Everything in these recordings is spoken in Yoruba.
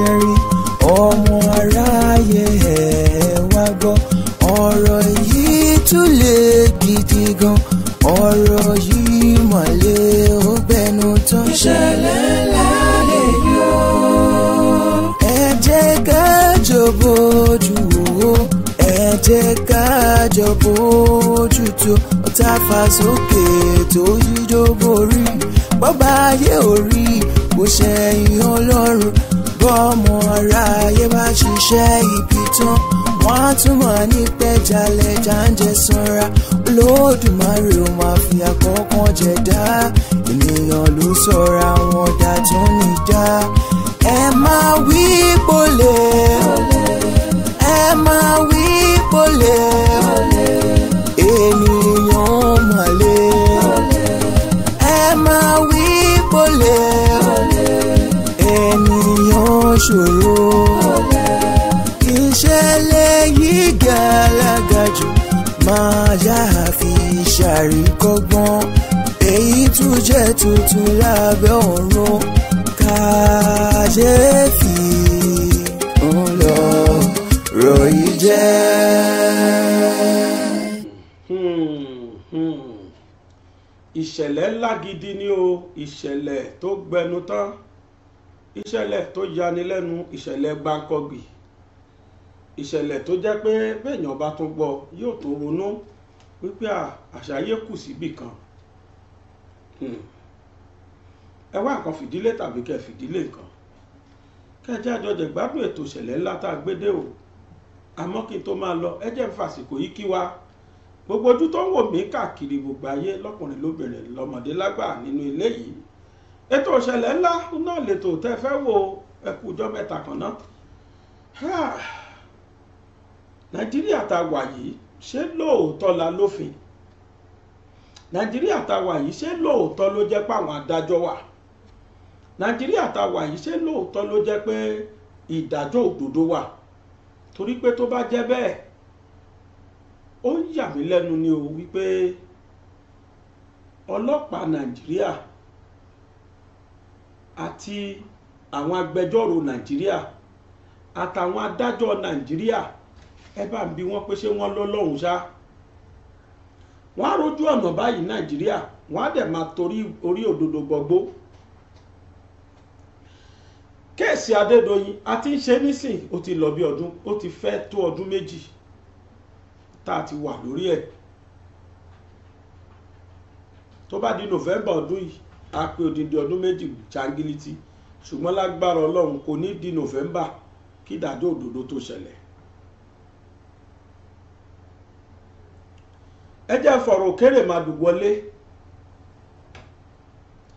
ṣẹ́rí ọmọ aráyé ẹ̀ wá gbọ́ ọ̀rọ̀ yìí tún lè gidi gan ọ̀rọ̀ yìí mà lè ó gbẹnu tán. ìṣẹ̀lẹ̀ ńlá lè yọ. ẹ jẹ́ ká jọ̀bọ̀ ojú wo ẹ jẹ́ ká jọ̀bọ̀ ojú tó ọ̀tá fa sókè tó yíjó borí bọ́bá ayé orí kò ṣẹ̀yìn ọlọ́run bọ́ọ̀mù ọ̀rá ayé bá ṣiṣẹ́ ibi tán wọ́n á túmọ̀ ní pẹ́jálẹ̀ jáǹjẹ́ sanra olódùmarè ó máa fi àkọ́kọ́ jẹ dá ènìyàn ló sọ̀ra wọn dá tó ní ẹ máa wí pọ̀lẹ́ ẹ máa wí pọ̀lẹ́ ènìyàn. ṣòro ìṣẹ̀lẹ̀ yìí gàlágà jù máa yá àfi ṣàríkọ́gbọ́n èyí tún jẹ́ tuntun lábẹ́ ọ̀run kàyéfì ń lọ ròyìn jẹ́. Hmm, hmm. ìṣẹ̀lẹ̀ ńlá gidi ni o ìṣẹ̀lẹ̀ tó gbẹnu tán ìṣẹ̀lẹ̀ tó yani lẹ́nu ìṣẹ̀lẹ̀ gbáǹkọ́gbì ìṣẹ̀lẹ̀ tó jẹ́ pé béèyàn bá tún gbọ́ yóò tó ronú wípé àṣà yé kù síbì kan hmm. ẹ wá nǹkan fìdílé tàbí kẹ́ fìdílé nǹkan kẹjá àjọjẹ gbádùn ètò ìṣẹ̀lẹ̀ ńlá tá a gbédè o àmọ́ kí n tó máa lọ ẹ jẹ́ ń fàsìkò yìí kí wa gbogbo ojú tó ń wò mí káàkiri gbogbo ayé lọ́kùnrin lóbìnrin lọ́mọdé lágbà nínú ilé yìí ètò ìṣẹ̀lẹ̀ ńlá náà lètò tẹ́ fẹ́ wo ẹkú ọjọ́ mẹ́ta kan náà nàìjíríà ta wà yìí ṣé lóòótọ́ la lófin nàìjíríà ta wà yìí ṣé lóòótọ́ ló jẹ́ àwọn adájọ́ wà nàìjíríà ta wà yìí ṣé lóòótọ́ ló jẹ́ pé ìdájọ́ òdodo wà torí pé tó bá jẹ́ àti àwọn agbẹjọ́rò nàìjíríà àtàwọn adájọ́ nàìjíríà ẹ bá ń bi wọ́n pé ṣé wọ́n lọ́lọ́run ṣá wọ́n á rojú ọ̀nà báyìí nàìjíríà wọ́n á dẹ̀ máa torí orí òdodo gbọgbó kéèsì adédọyìn a ti ń ṣe nísìn ó ti lọ bí ọdún ó ti fẹ́ tó ọdún méjì tá a ti wà lórí ẹ̀ tó bá di november ọdún yìí á pé odindi ọdún méjì jangiliti ṣùgbọ́n lágbára ọlọ́run kò ní di november kí ìdájọ́ òdodo tó ṣẹlẹ̀. ẹ jẹ́ fọ̀rọ̀ òkèrèmàdù wọlé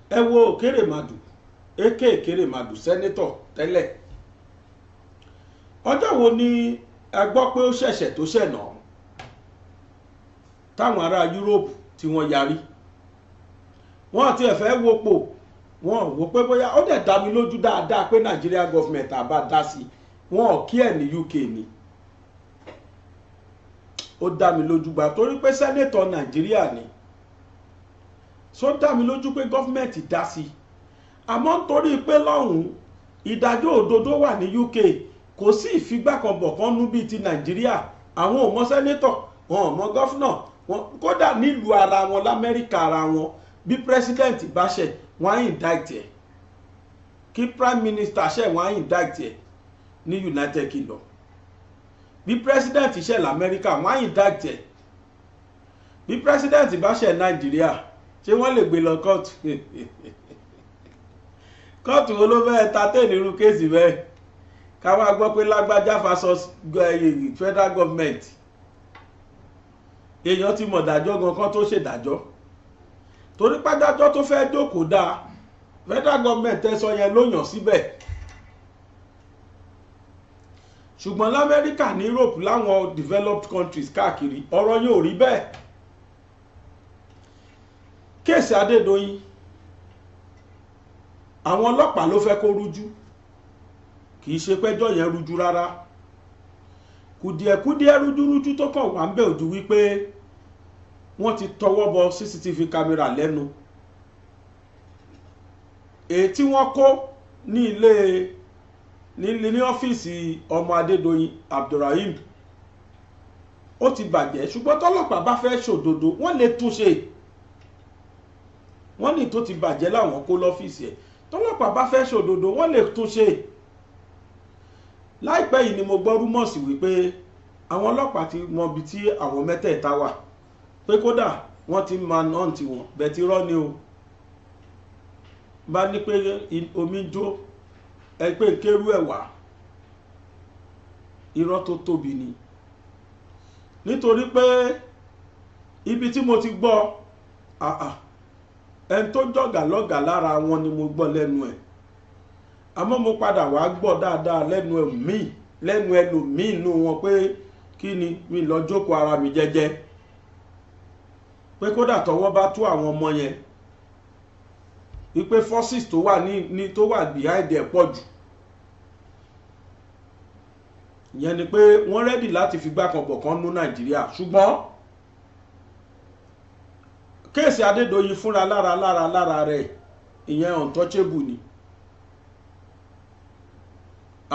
ẹ wo òkèrèmàdù èké òkèrèmàdù sẹ́nítọ̀ tẹ́lẹ̀ ọjọ́ wo ni ẹ gbọ́ pé ó ṣẹ̀ṣẹ̀ tó ṣẹ̀ náà táwọn ará yúróòpù tí wọ́n yarí wọ́n ti ẹ̀fẹ́ wopò wọ́n wò pé bóyá ó dẹ̀ dá mi lójú dáadáa pé Nigeria government àbá dá sí i wọ́n kí ẹ̀ ní UK ni ó dá mi lójú gbà torí pé sẹ́nẹ̀tọ̀ Nàìjíríà ni so dá mi lójú pé gọ́fìmẹ̀ntì dá sí i àmọ́ nítorí pé lọ́hùn-ún ìdájọ́ òdodo wà ní UK kò sí ìfigbákanbọ̀kan nú bíi ti Nàìjíríà àwọn ò mọ sẹ́nẹ̀tọ̀ wọn ò mọ gọ́fìnà kódà nílùú ara wọn l'Amẹ́ríkà ara wọn bí president bá ṣẹ̀ wọ́n á indict ẹ̀ kí prime minister ṣẹ̀ wọ́n á indict ẹ̀ ní united kingdom bí president ṣẹ̀ lamẹ́ríkà wọ́n á indict ẹ̀ bí president bá ṣẹ̀ nàìjíríà ṣé wọ́n lè gbé lọ kóòtù kóòtù wo ló fẹ́ ta kéèsì bẹ́ẹ̀ ká wá gbọ́ pé lágbájá fasos eh, federal government èèyàn ti mọ̀ dájọ́ gan kan tó ṣèdájọ́ torí pádájọ́ tó fẹ́ jókòó dáa federal government ẹ sọ yẹn ló yàn síbẹ̀ ṣùgbọ́n lamẹ́ríkà ní Europe láwọn developed countries káàkiri ọ̀rọ̀ yóò rí bẹ́ẹ̀ kéèsì Adédoyin àwọn ọlọ́pàá ló fẹ́ kó rújú kì í ṣe pẹ́jọ́ yẹn rújú rárá kùdìẹ̀kùdìẹ̀ rújúrújú tó kàn wá ń bẹ̀ ojú wípé wọ́n ti tọwọ́ bọ cctv camera lẹ́nu èyí tí wọ́n kó ní ilé ní ní ọ́fíìsì ọmọ adédọ̀yìn abdulrahim ó ti bàjẹ́ ṣùgbọ́n tọ́lọ́pàá bá fẹ́ ṣòdodo wọ́n lè túnṣe wọ́n ní tó ti bàjẹ́ láwọn kó lọ́fíìsì ẹ̀ tọ́lọ́pàá bá fẹ́ ṣòdodo wọ́n lè túnṣe láìpẹ́ yìí ni mo gbọ́ rúmọ̀sì wípé àwọn ọlọ́pàá ti mọbi tí àwọn mẹ́tẹ̀ẹ̀ta wà pé kódà wọ́n ti man on ti wọ̀n bẹ̀tí rọ́ ni o bá ní pé omi jó ẹ pé kérú ẹ̀ wá irọ́ tó tóbi ni nítorí pé ibi tí mo ti gbọ́ àà ẹni tó jọ̀gà lọ́gà lára wọn ni mo gbọ́ lẹ́nu ẹ̀ àmọ́ mo padà wá gbọ́ dáadáa lẹ́nu ẹ̀ míì lẹ́nu ẹlòmíì nù wọn pé kí ni mi lọ jókòó ara mi jẹ́jẹ́ pé kódà tọwọ́ bá tó àwọn ọmọ yẹn wípé forces tó wà ní ní tó wà behind ẹ̀ pọ̀ jù ìyẹn ni pé wọ́n rẹ́dì láti fi gbá kan bọ̀kan nú nàìjíríà ṣùgbọ́n kéèsì adédọ̀yìn fúnra lára lára lára rẹ̀ ìyẹn untouchable ni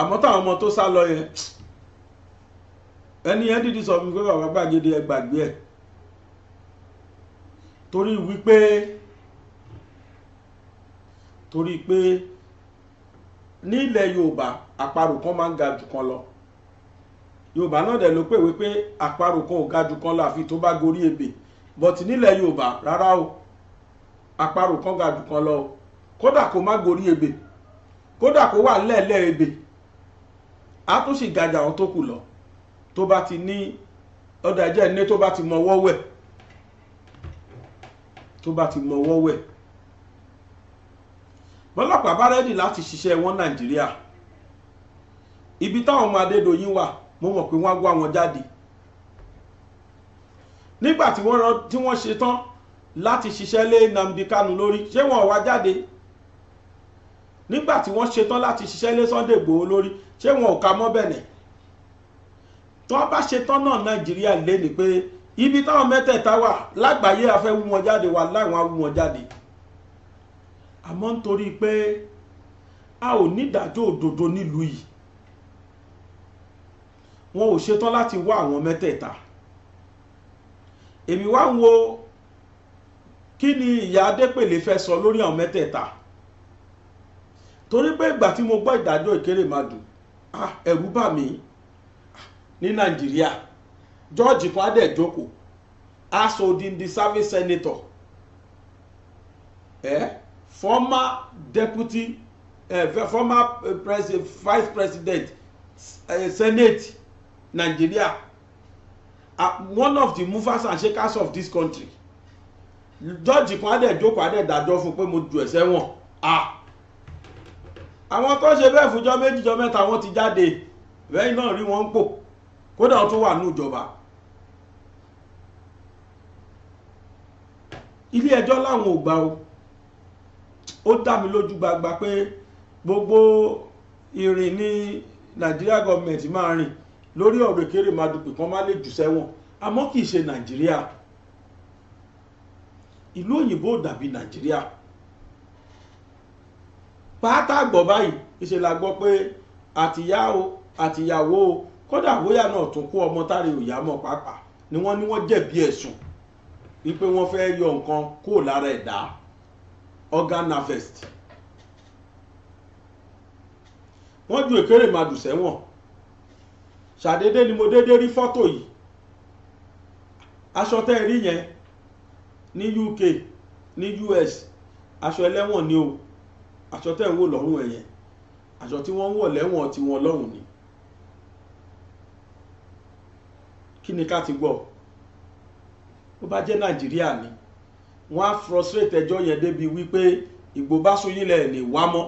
àmọ́ táwọn ọmọ tó sá lọ yẹn ẹni yẹn dìde sọ fún mi pé bàbá gbàgede ẹ gbàgbé ẹ̀ torí wípé torí pé ní ilẹ̀ yorùbá àparò kan máa ń ga jù kan lọ yorùbá náà dẹ̀ ló pè wípé àparò kan ò ga jù kan lọ àfi tó bá gorí ebè bọ̀tì nílẹ̀ yorùbá rárá o àparò kan ga jù kan lọ o kódà kó má gorí ebè kódà kó wà lẹ́ẹ̀lẹ́ ebè á tún sì gajà àwọn tó kù lọ tó bá ti ní ọ̀dà ẹ̀jẹ̀ ní tó bá ti mọ ọwọ́ wẹ̀ tó bá ti mọ ọwọ́ wẹ̀ bọ́lọ́pàá bá rẹ́dì láti ṣiṣẹ́ wọn nàìjíríà ibi táwọn ọmọ adédọ̀yìn wà mo mọ̀ pé wọ́n á wá wọn jáde nígbà tí wọ́n ṣe tán láti ṣiṣẹ́ lé Nnamdi Kanu lórí ṣé wọn ò wá jáde nígbà tí wọ́n ṣe tán láti ṣiṣẹ́ lé Sunday Igboho lórí ṣé wọn ò ka mọ́ bẹ̀nẹ̀ tí wọ́n bá ṣe tán náà nàìjíríà lé ni pé ibi táwọn mẹ́tẹ̀ẹ̀ta wà lágbàáyé afẹ́ wú wọn jáde wà láwọn awú wọn jáde àmọ́ nítorí pé a ò nídàájọ́ òdodo nílùú yìí wọn ò ṣetán láti wá àwọn mẹ́tẹ̀ẹ̀ta èmi wá ń wo kí ni ìyá adépèlé fẹ́ sọ lórí àwọn mẹ́tẹ̀ẹ̀ta torí pé ìgbà tí mo gbọ́ ìdájọ́ ìkéré màdù ah, ẹ̀rù bà mí ah, ní nàìjíríà. Ah, george kan á dẹ̀ jókòó asodindi service senator eh? former deputy eh, former eh, pres vice president eh, senate nigeria uh, one of the movers and shakers of this country george kan á dẹ̀ jókòó á dẹ̀ dájọ́ fún pé mo jù ẹ̀ sẹ́wọ̀n ah àwọn tó ṣe bẹ́ẹ̀ fúnjọ́ méjìjọ́ mẹ́ta wọ́n ti jáde lẹ́yìn náà rí wọ́n ń pò kódà ó tún wà ní ìjọba ilé ẹjọ́ láwọn ò gbà o ó dá mi lójú gbagba pé gbogbo ìrìn ní nàìjíríà gọọmenti máa rìn lórí ọ̀rọ̀ ìkéré madùpè kan má lè jù sẹ́wọ̀n àmọ́ kì í ṣe nàìjíríà ìlú òyìnbó dàbí nàìjíríà pátá gbọ́ báyìí ìṣe la gbọ́ pé àtìyá o àtìyàwó o kódà bóyá náà tún kó ọmọ táre òyà mọ́ pàápàá ni wọ́n ní wọ́n jẹ̀bi ẹ̀sùn wípé wọ́n fẹ́ yọ nǹkan kúrò lára ẹ̀dá organ harvest wọ́n ju Ekéremàdù sẹ́wọ̀n ṣàdédé ni mo dédé rí fọ́tò yìí aṣọ tẹ́ ẹ rí yẹn ní UK ní US aṣọ ẹlẹ́wọ̀n ni o aṣọ tẹ́ ẹ ń wò lọ́rùn ẹ̀ yẹn aṣọ tí wọ́n ń wọ̀ lẹ́wọ̀n tiwọn lọ́hùn ni kí ni ká ti gbọ́ ọ bó bá jẹ́ nàìjíríà ni wọ́n á frustrate ẹjọ́ yẹn débi wípé ìgbò bá sóyìnlẹ̀ lè wá mọ́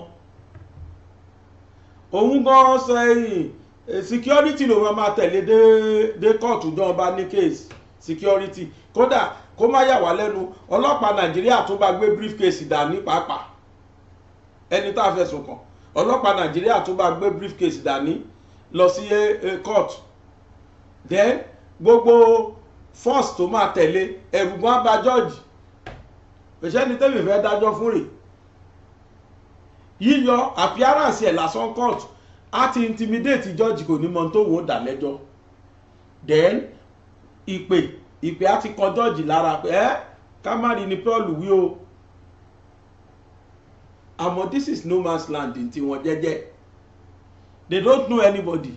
òun gan sẹ́yìn eh, security ló máa máa tẹ̀lé dé dé kóòtù náà bá ní case security kódà kó má yà wá lẹ́nu ọlọ́pàá nàìjíríà tó bá gbé briefcase dání pàápàá ẹni tá a fẹ̀sùn kàn ọlọ́pàá nàìjíríà tó bá gbé briefcase dání lọ sí eh, court then gbogbo force tó máa tẹ̀lé ẹ̀rùgbọ́n abá jọ́ọ̀jì pèsèni tẹ́mi fẹ́ dájọ́ fún rẹ̀ yíyọ appearance ẹ̀ lásán court á ti intimidate jọ́ọ̀jì kò ní mọ tó wò ó dà lẹ́jọ́ then ìpè ìpè á ti kọ jọ́ọ̀jì lára pé ẹ́ kámárì ni Paul wí o àmọ́ this is no man's land tí wọ́n jẹ́jẹ́ they don't know anybody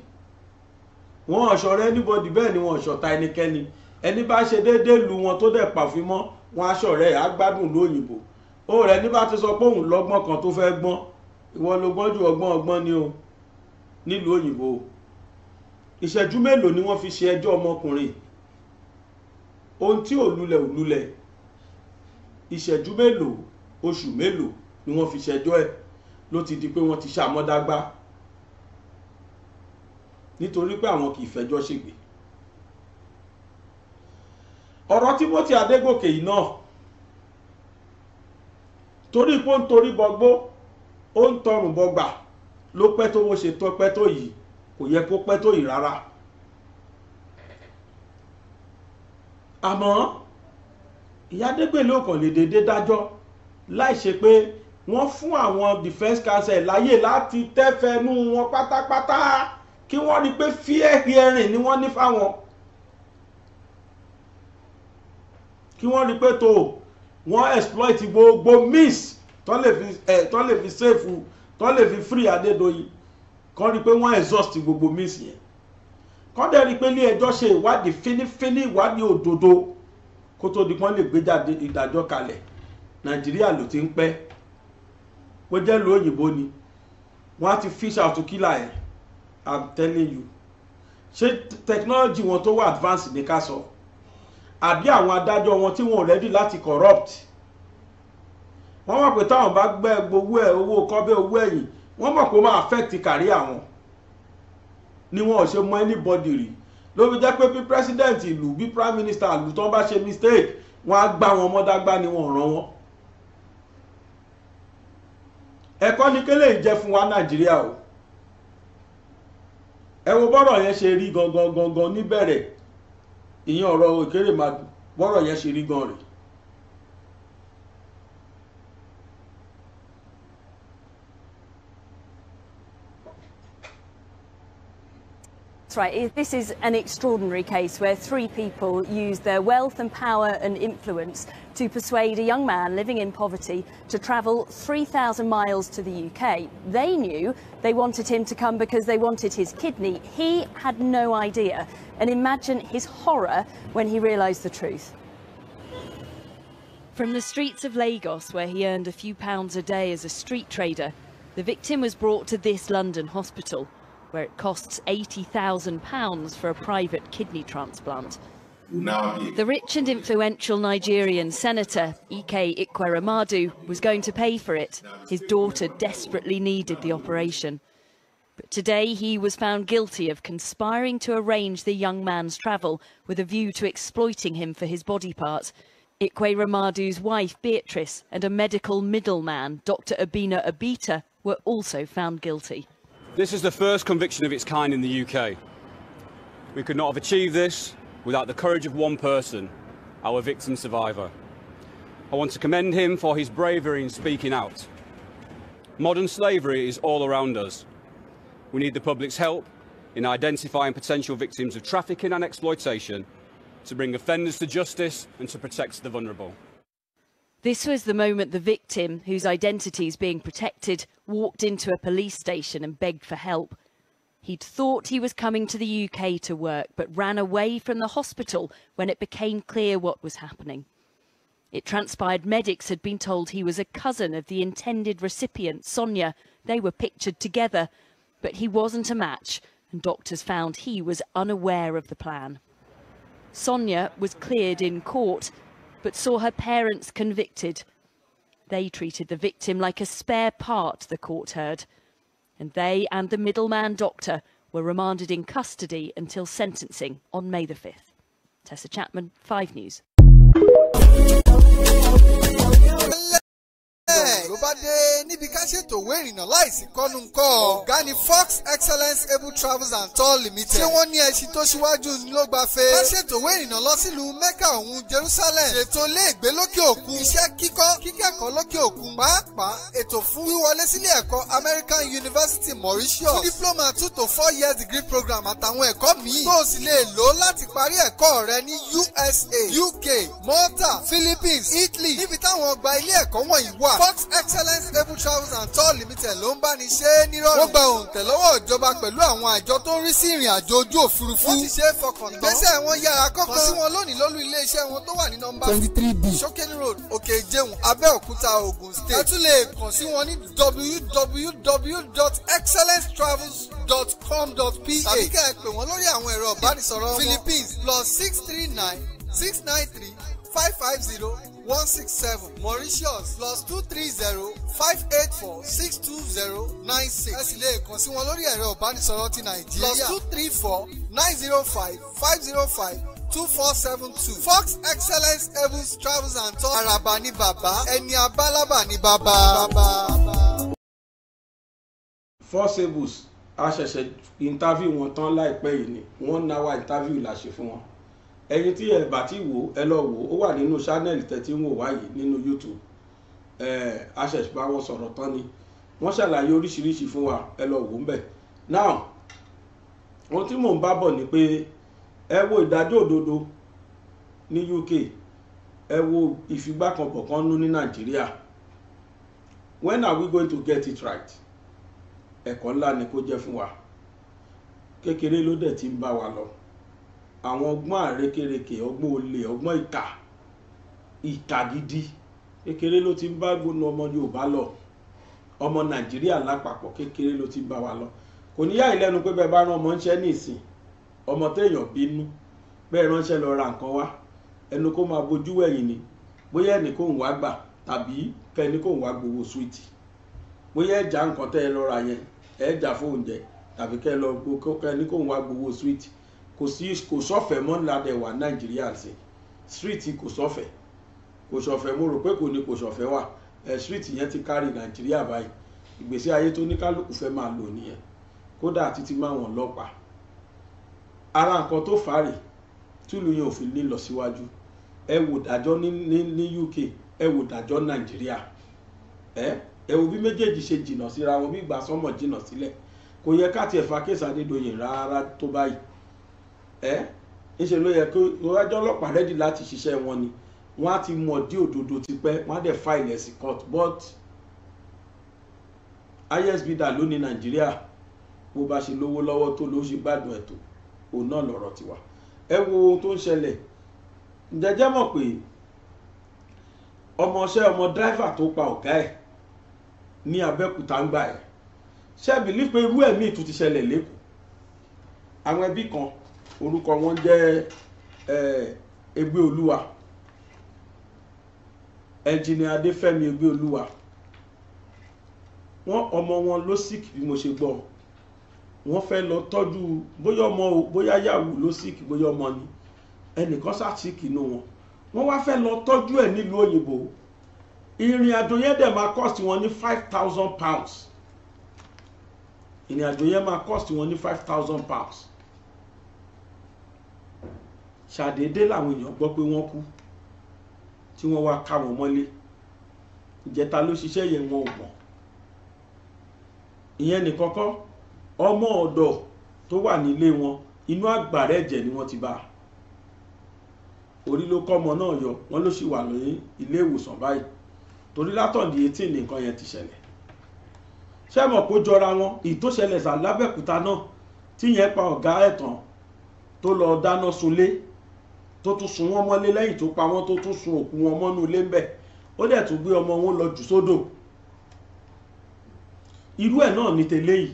wọ́n ọ̀ṣọ́ rẹ anybody bẹ́ẹ̀ ni wọ́n ọ̀ṣọ́ ta ẹnikẹ́ni ẹni bá ṣe déédéé lu wọn tó dẹ̀ pàfin mọ́ wọn aṣọ rẹ̀ á gbádùn lóyìnbó ó rẹ̀ ní bá ti sọ pé òun lọ́gbọ́n kan tó fẹ́ gbọ́n ìwọ ló gbọ́n ju ọgbọ́n ọgbọ́n ni o nílùú òyìnbó ìṣẹ́jú mélòó ni wọ́n fi ṣe ẹjọ́ ọmọkùnrin ohun tí ò lulẹ̀ ò lulẹ̀ ìṣẹ́jú mélòó oṣù mélòó ni wọ́n fi ṣẹjọ́ ẹ̀ ló ti di pé wọ́n ti ṣàmọ́dágbá nítorí pé àwọn kì í fẹjọ́ ṣègbè ọ̀rọ̀ Timothy Adégòkè yìí náà torí pé ó ń torí bọgbó ó ń tọrùn bọgbà ló pẹ́ tó wọ́n ṣe tó pẹ́ tó yìí kò yẹ kó pẹ́ tó yìí rárá àmọ́ ìyá Adégbèlé kàn lè dédé dájọ́ láì ṣe pé wọ́n fún àwọn defence counsel láyè láti tẹ́fẹ̀ẹ́nú wọn pátápátá kí wọ́n rí pé fíẹ́ hearing ni wọ́n ní fáwọn kí wọ́n rí pé tó wọ́n exploit gbogbo means tán lè fi ẹ̀ eh, tán lè fi save tán lè fi free Adédoyin kán rí pé wọ́n exhaust gbogbo means yẹn kán dẹ̀ rí pé ilé ẹjọ́ ṣe ìwádìí fínífíní ìwádìí òdodo kó tó di pọ́n lè gbé jáde ìdájọ́ kalẹ̀ Nàìjíríà ló ti ń pẹ́ bó jẹ́ lu òyìnbó ni wọ́n á ti fish out killer ẹ̀ I'm telling you ṣé technology wọn tó wà advanced ní ká sọ àbí àwọn adájọ́ wọn tí wọn ò ready láti corrupt wọ́n mọ̀ pé táwọn bá gbẹ́ gbowó ẹ̀ owó kọ́bẹ́ owó ẹ̀yìn wọ́n mọ̀ pé ó máa affect kárí àwọn ni wọn ò ṣe mọ anybody rí ló fi jẹ́ pé bí president ìlú bí prime minister ìlú tó ń bá ṣe mistake wọ́n á gbá wọn mọ́dágbá ni wọ́n ràn wọ́n ẹ̀kọ́ ni kélé jẹ́ fún wa nàìjíríà o ẹ wo bọ́rọ̀ yẹn ṣe rí gangan gangan níbẹ̀rẹ̀ ìyẹn ọ̀rọ̀ Ìkérèmàdù bọ́rọ̀ yẹn ṣe rí gan rèé That's right. This is an extraordinary case where three people used their wealth and power and influence to persuade a young man living in poverty to travel 3,000 miles to the UK. They knew they wanted him to come because they wanted his kidney. He had no idea. And imagine his horror when he realised the truth. From the streets of Lagos, where he earned a few pounds a day as a street trader, the victim was brought to this London hospital where it costs £80,000 for a private kidney transplant. The rich and influential Nigerian senator, Ike Ikweremadu, was going to pay for it. His daughter desperately needed the operation. But today he was found guilty of conspiring to arrange the young man's travel with a view to exploiting him for his body part. Ikweremadu's wife, Beatrice, and a medical middleman, Dr. Abina Abita, were also found guilty. This is the first conviction of its kind in the UK. We could not have achieved this without the courage of one person, our victim survivor. I want to commend him for his bravery in speaking out. Modern slavery is all around us. We need the public's help in identifying potential victims of trafficking and exploitation to bring offenders to justice and to protect the vulnerable. This was the moment the victim, whose identity is being protected, walked into a police station and begged for help. He'd thought he was coming to the UK to work, but ran away from the hospital when it became clear what was happening. It transpired medics had been told he was a cousin of the intended recipient, Sonia. They were pictured together, but he wasn't a match, and doctors found he was unaware of the plan. Sonia was cleared in court, but saw her parents convicted. They treated the victim like a spare part, the court heard. And they and the middleman doctor were remanded in custody until sentencing on May the 5th. Tessa Chapman, 5 News. bẹ́ẹ̀ ló bá dé níbi ká ṣètò òwe ìrìnnà láìsí kọ́nùkọ́ ọ̀gá ni Fox Excellence Able Travels and Tour Limited ṣé wọ́n ní ẹṣin tó ṣíwájú ló gba fe ká ṣètò òwe ìrìnnà lọ sílùú Mecca òun Jerusalem ṣètò ilé ìgbé lókè òkun iṣẹ́ kíkọ́ kíkẹ́kọ̀ọ́ lókè òkun pàápàá ètò fún wíwọlé sílé ẹ̀kọ́ American University Mauritius fún diploma two to four years degree program àtàwọn ẹ̀kọ́ míì tó o sì lè lò láti parí ẹ̀kọ́ rẹ ní USA UK Malta Philippines Italy níbi táwọn ọgbà ilé ẹ̀kọ́ wọ̀nyí wà Fox Excellence Table Travels and Tour Limited ló ń bá ní ṣe é nírọ̀rùn. wọ́n gba òǹtẹ̀ lọ́wọ́ ìjọba pẹ̀lú àwọn àjọ tó ń rí sí ìrìn àjò ojú òfurufú. wọ́n ti ṣe é fọkàn tán. ìgbésẹ̀ wọn yára kọ́kọ́ sí wọn lónìí lólú iléeṣẹ́ wọn tó wà ní nọ́mbà twenty three b Shokeni Road Òkè Ìjẹun Abẹ́òkúta Ògùn State. ẹ tún lè kàn sí wọn ní www.excellencetravels.com.pa tàbí kẹ́ ẹ pè wọ́n lórí àwọn ẹ̀rọ ìbánisọ̀rọ̀ wọn Philippines plus six three nine six nine three five five zero one six seven Mauritius plus two three zero five eight four six two zero nine six. ẹ sì lè kàn sí wọn lórí ẹ̀rọ ìbánisọ̀rọ̀ ti nàìjíríà plus two three four nine zero five five zero five two four seven two Fox Excellence evans travels and tours araba ní bàbá ẹni abálábà ní bàbá. Fox Evans a ṣẹ̀ṣẹ̀ interview wọn tán láìpẹ́ yìí ni one hour interview la ṣe fún wọn. ẹ̀yin tí ẹ bá wò ẹ lọ wò ó wà nínú channel tẹ́tí ń wò wáyé nínú YouTube ẹ access bá wọn sọ̀rọ̀ tán ni wọ́n ṣàlàyé oríṣiríṣi fún wa ẹ lọ wò ó ń bẹ̀ now ohun tí mò ń bá bọ̀ ni pé ẹ wo ìdájọ́ òdodo ní UK ẹ wo ìfigbákanbọ̀kan nú ní Nàìjíríà when are we going to get it right ẹ̀kọ́ ńlá ni kò jẹ́ fún wa kékeré ló dẹ̀ ti ń bá wa lọ. àwọn ọgbọ́n àrékèrèkè ọgbọ́n olè ọgbọ́n ìkà ìkà gidi kékeré ló ti ń bá gbóná ọmọ Yorùbá lọ ọmọ Nàìjíríà lápapọ̀ kékeré ló ti bá wa lọ kò ní yá ìlẹ́nu pé bá rán ọmọ ńṣẹ́ ní ọmọ téèyàn bínú bẹ́ẹ̀ ránṣẹ́ lọ ra nǹkan wá ẹnu kó máa bojú ẹ̀yìn ni bóyá ẹnì kò ń wá gbà tàbí kò ń wá gbowó súwìtì bóyá nǹkan tẹ́ ẹ lọ ra yẹn tàbí kò ń wá gbowó kò sí kò sọ́fẹ̀ mọ́ ńlá dẹ̀ wà nàìjíríà sí street kò sọ́fẹ̀ kò sọ́fẹ̀ mo rò pé kò ní kò sọ́fẹ̀ wà ẹ̀ street yẹn ti kárí nàìjíríà báyìí ìgbésí ayé tó ní kálukú fẹ́ máa lò nìyẹn kódà títí máa wọn lọ́pàá ara nǹkan tó fàárì túlù yẹn ò fi ní lọ síwájú ẹ wò dájọ́ ní ní UK ẹ wò dájọ́ nàìjíríà ẹ ẹ wò bí méjèèjì ṣe jìnnà síra wọn bí ìgbà jìnnà sílẹ̀ kò yẹ ká tiẹ̀ fa kéésà Adédoyin rárá tó báyìí ẹ́ ńṣe ló yẹ kó ìwájú ọlọ́pàá rẹ́dì láti ṣiṣẹ́ wọn ni wọ́n á ti mọ̀ dí òdodo tipẹ́ wọ́n á dẹ̀ fáìlì ẹ̀ court but isb dà lónìí nàìjíríà bó bá ṣe lówó lọ́wọ́ tó ló ṣe gbádùn ẹ̀tọ́ òun náà lọ̀rọ̀ tiwa ẹ wo ohun tó ń ṣẹlẹ̀ jẹjẹ́ mọ̀ pé ọmọọṣẹ́ ọmọ dráìvà tó pa ọ̀gá ẹ̀ ní abẹ́òkúta ń gbà ẹ̀ ṣẹ́bi ní pé irú ẹ̀mí ìtú ti ṣẹlẹ̀ lẹ́kọ̀ọ́ àwọn ẹbí kan orúkọ wọn jẹ́ Ẹgbẹ́olúwa ẹnjìnì Adéfẹ́mi Ẹgbẹ́olúwa wọ́n ọmọ wọn ló sick bí mo ṣe gbọ́ wọ́n fẹ́ lọ tọ́jú bóyá ọmọ o bóyá yàwó ló sick bóyá ọmọ ni ẹnìkan sá sick inú wọn wọ́n wá fẹ́ lọ tọ́jú ẹ̀ nílùú òyìnbó ìrìn àjò yẹn dẹ̀ máa cost wọn ní five thousand pounds ìrìn àjò yẹn máa cost wọn ní five thousand pounds ṣàdédé làwọn èèyàn gbọ́ pé wọ́n kú tí wọ́n wá ká wọn mọ́lé ìjẹta ló ṣiṣẹ́ yẹn wọn ò mọ̀ ìyẹn nìkan ọmọ ọ̀dọ̀ tó wà nílé wọn inú àgbàrá ẹ̀jẹ̀ ni wọ́n ti bá a orí ló kọ́ ọmọ náà yọ wọ́n ló sì wà ní ilé ìwòsàn báyìí torí látọ̀dí etí nìkan yẹn ti ṣẹlẹ̀ ṣẹ́mọ̀ kó jọra wọn èyí tó ṣẹlẹ̀ náà tíyẹn pa ọ̀gá ẹ̀tàn tó lọ dáná sunlé tó tún sun wọ́n mọ́lé lẹ́yìn tó pa wọ́n tó tún sun òkú wọn mọ́nú ilé ń bẹ̀ ó dẹ̀ tún gbé ọmọ wọn lọ jù sódò irú ẹ̀ náà ní tẹ́lẹ̀ yìí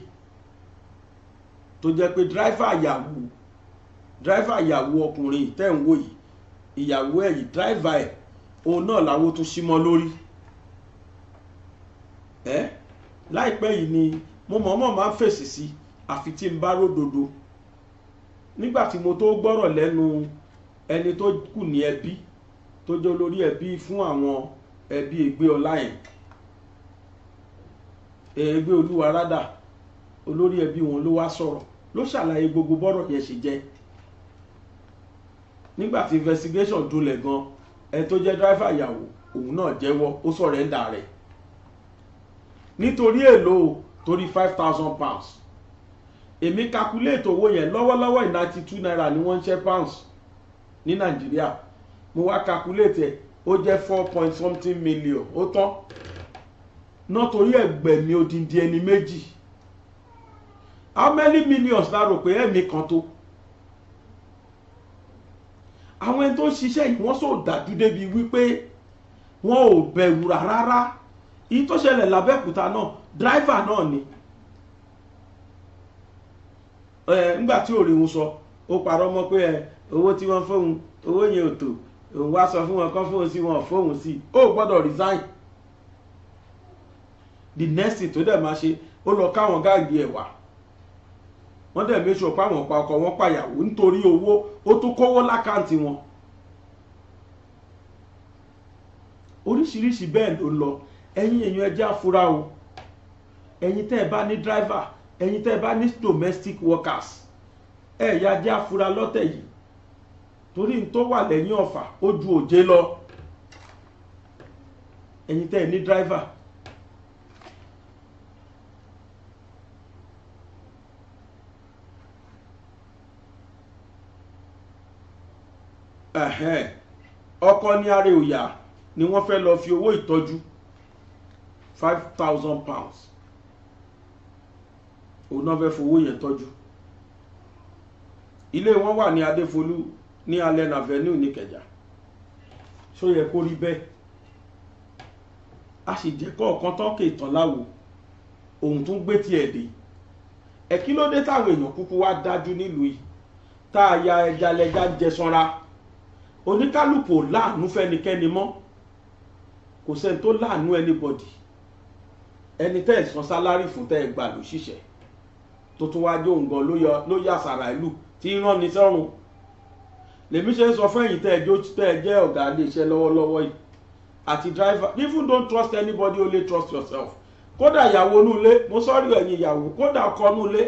tó jẹ́ pé dráìfà ìyàwó dráìfà ìyàwó ọkùnrin tẹ́ ń wò yìí ìyàwó ẹ̀ yìí dráìfà ẹ̀ òun náà làwó tún sí lórí ẹ́ láìpẹ́ yìí ni mo mọ̀ọ́mọ̀ máa ń fèsì sí àfi tí n bá ródodo nígbà tí mo tó gbọ́rọ̀ lẹ́nu. No ẹni tó kù ní ẹbí tó jẹ́ olórí ẹbí fún àwọn ẹbí ègbé ọlá yẹn ègbé olúwa rádà olórí ẹbí wọn ló wá sọ̀rọ̀ ló ṣàlàyé gbogbo bọ́rọ̀ yẹn ṣe jẹ́ nígbà tí investigation dunlẹ̀ gan ẹ tó jẹ́ dráìfà ìyàwó òun náà jẹ́wọ́ ó sọ̀rẹ́ńdà rẹ̀ nítorí èlò torí five thousand pounds èmi calculate owó yẹn lọ́wọ́lọ́wọ́ ninety two naira ni wọ́n ń ṣe pounds ní nàìjíríà mo wá calculate ẹ̀ ó jẹ́ four point something million ó tán náà torí odindi ẹni méjì how many millions la rò pé ẹ̀mí kan tó àwọn ẹni tó ń ṣiṣẹ́ yìí wọ́n sọ débi wípé wọn ò bẹ̀rù rárá èyí tó ṣẹlẹ̀ lábẹ́kúta náà dráìvà náà ni ẹ̀ ńgbà tí òòrùn sọ ó parọ́ mọ́ pé owó tí wọ́n fóun owó yẹn ò tó òun wá sọ fún wọn kán fóun sí wọn fóun sí ó gbọ́dọ̀ resign the next thing tó dẹ̀ máa ṣe ó lọ káwọn gáàgì ẹ̀ wá wọ́n dẹ̀ méṣù ọ̀pá àwọn ọ̀pá ọkọ̀ wọn pàyàwó nítorí owó ó tún kówó lákàǹtì wọn oríṣiríṣi bẹ́ẹ̀ ló lọ ẹ̀yin èèyàn ẹ jẹ́ á fura o ẹ̀yin tẹ́ ẹ bá ní driver ẹ̀yin tẹ́ ẹ bá ní domestic workers ẹ̀ yá jẹ́ lọ́tẹ̀ yìí torí n tó wà lẹ́yìn ọ̀fà ó ju òjé lọ ẹ̀yin tẹ́ ẹ̀ ní dráìvà ọkọ ní ara òyà ni wọ́n fẹ́ lọ fi owó ìtọ́jú five thousand pounds òun náà fẹ́ fowó yẹn tọ́jú ilé wọn wà ní Adéfolú ní Allen Avenue nìkẹjà ṣó yẹ kó rí bẹ́ẹ̀ a sì jẹ́ kọ̀ọ̀kan tọ́kè tán láwo òun tún gbé tiẹ̀ dé ẹ kí ló dé táwọn èèyàn kúkú wá dájú nílùú yìí tá a ya ẹja lẹja jẹ sanra oníkálùkù ò láàánú fẹ́nikẹ́ni mọ́ kò sẹ́ni tó láàánú anybody ẹni tẹ́ ẹ̀ san sálárì fún tẹ́ ẹ̀ gbà ló ṣiṣẹ́ tó tún wá jó nǹkan ló yà sàrà ìlú tí ń rán ni sọ́run lèmi ṣe ń sọ fẹ́yìn tẹ́ ẹjọ́ tẹ́ ẹ jẹ́ ọ̀gá iléeṣẹ́ lọ́wọ́lọ́wọ́ yìí àti driver even don't trust anybody only trust yourself kódà ìyàwó inú ilé mo sọ́rí ẹ̀yìn ìyàwó kódà ọkọ inú ilé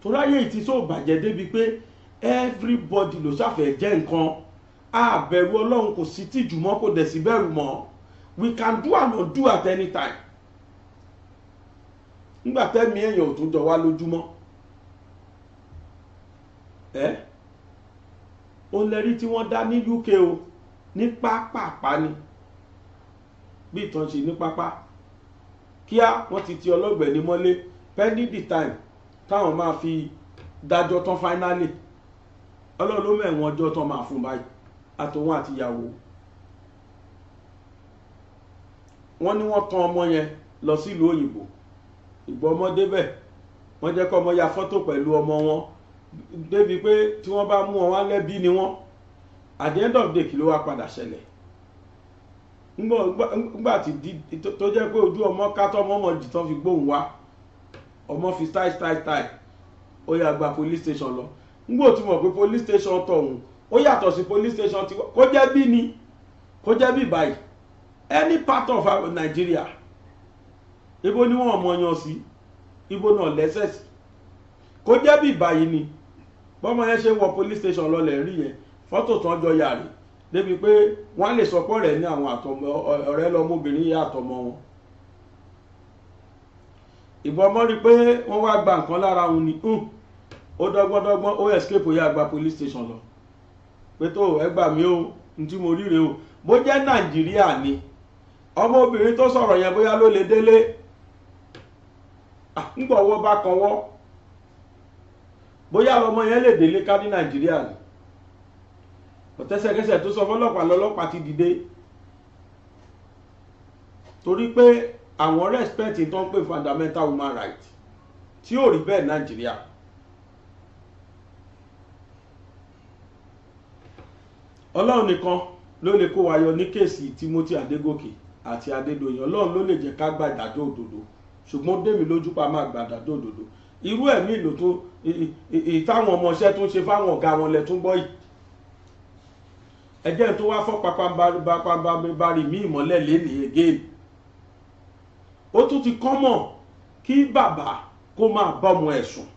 torí ayé ìtì tó bàjẹ́ débi pé everybody ló ṣàfẹ́ jẹ́ nǹkan àbẹ̀rù ọlọ́run kò sí tìjú mọ́ kò dẹ̀ sí bẹ̀rù mọ́ we can do and not do at any time nígbà tẹ́mi èèyàn ò tún jọ wá lójúmọ́ ẹ́ ó lẹ́rí tí wọ́n dá ní UK o ní pápápá ni bí ìtàn ṣe ní pápá kíá wọ́n ti ti ọlọ́gbẹ̀ ní mọ́lé pending the time táwọn máa fi dájọ́ tán finally ọlọ́run ló mẹ̀wọ̀n ọjọ́ tán máa fún báyìí àtòun àtìyàwó wọ́n ní wọ́n tan ọmọ yẹn lọ sílùú òyìnbó ìgbọ́ ọmọ débẹ̀ wọ́n jẹ́ kọ́ ọmọ ya fọ́tò pẹ̀lú ọmọ wọn débi pé tí wọ́n bá mú wọn wá lẹ́bí ni wọ́n at the end of the day kí ló wá padà ṣẹlẹ̀ nígbà tí tó jẹ́ pé ojú ọmọ kátó ọmọ ọmọ jù tán fi gbóhùn wá ọmọ fi style style style ó yà gba police station lọ nígbà tí mo pé police station tọ̀hún ó yàtọ̀ sí police station tiwa kó jẹ́ bí ni kó jẹ́ bí báyìí any part of Nigeria ibo ni wọ́n mọ̀ yan sí ibo náà lẹ́sẹ̀ sí kó jẹ́ bí báyìí ni bọ́mọ yẹn ṣe wọ police station lọ lẹ̀ rí yẹn fọ́tò tán jọ yà rí débi pé wọ́n lè sọ pé ọ̀rẹ́ ní àwọn àtọmọ ọ̀rẹ́ lọ́mọbìnrin yẹ àtọmọ wọn ìbọn mọ́ rí pé wọ́n wá gba nǹkan lára òun ni ó dọ́gbọ́ndọ́gbọ́n ó escape yà gba police station lọ pé tó ẹ gbà mí o n tí mo ríre o bó jẹ́ nàìjíríà ni ọmọbìnrin tó sọ̀rọ̀ yẹn bóyá ló lè délé ńgbọ̀wọ́ bá kọwọ́ bóyá ọmọ yẹn lè délé ká ní nàìjíríà ni ọ̀tẹ́sẹ̀kẹsẹ̀ tó sọ fọlọ́pàá lọ́lọ́pàá ti dìde torí pé àwọn respect tó ń pè fundamental human right tí ò rí bẹ́ẹ̀ nàìjíríà. ọlọ́run nìkan ló lè kó wa yọ ní kéèsì timothy adégòkè àti adédoyin ọlọ́run ló lè jẹ́ ká gbàdájọ́ òdodo ṣùgbọ́n démi lójú pa máa gbàdájọ́ òdodo irú ẹ̀mí ìlò tó ìtàwọn ọmọọṣẹ́ tó ṣe fáwọn ọ̀gá wọn lẹ̀ tún gbọ́ yìí ẹjẹ́ tó wá fọ́ papambari mí ìmọ́lẹ̀ lẹ́nu again ó tún ti kọ́mọ̀ kí bàbá kó máa bọ́mọ ẹ̀sùn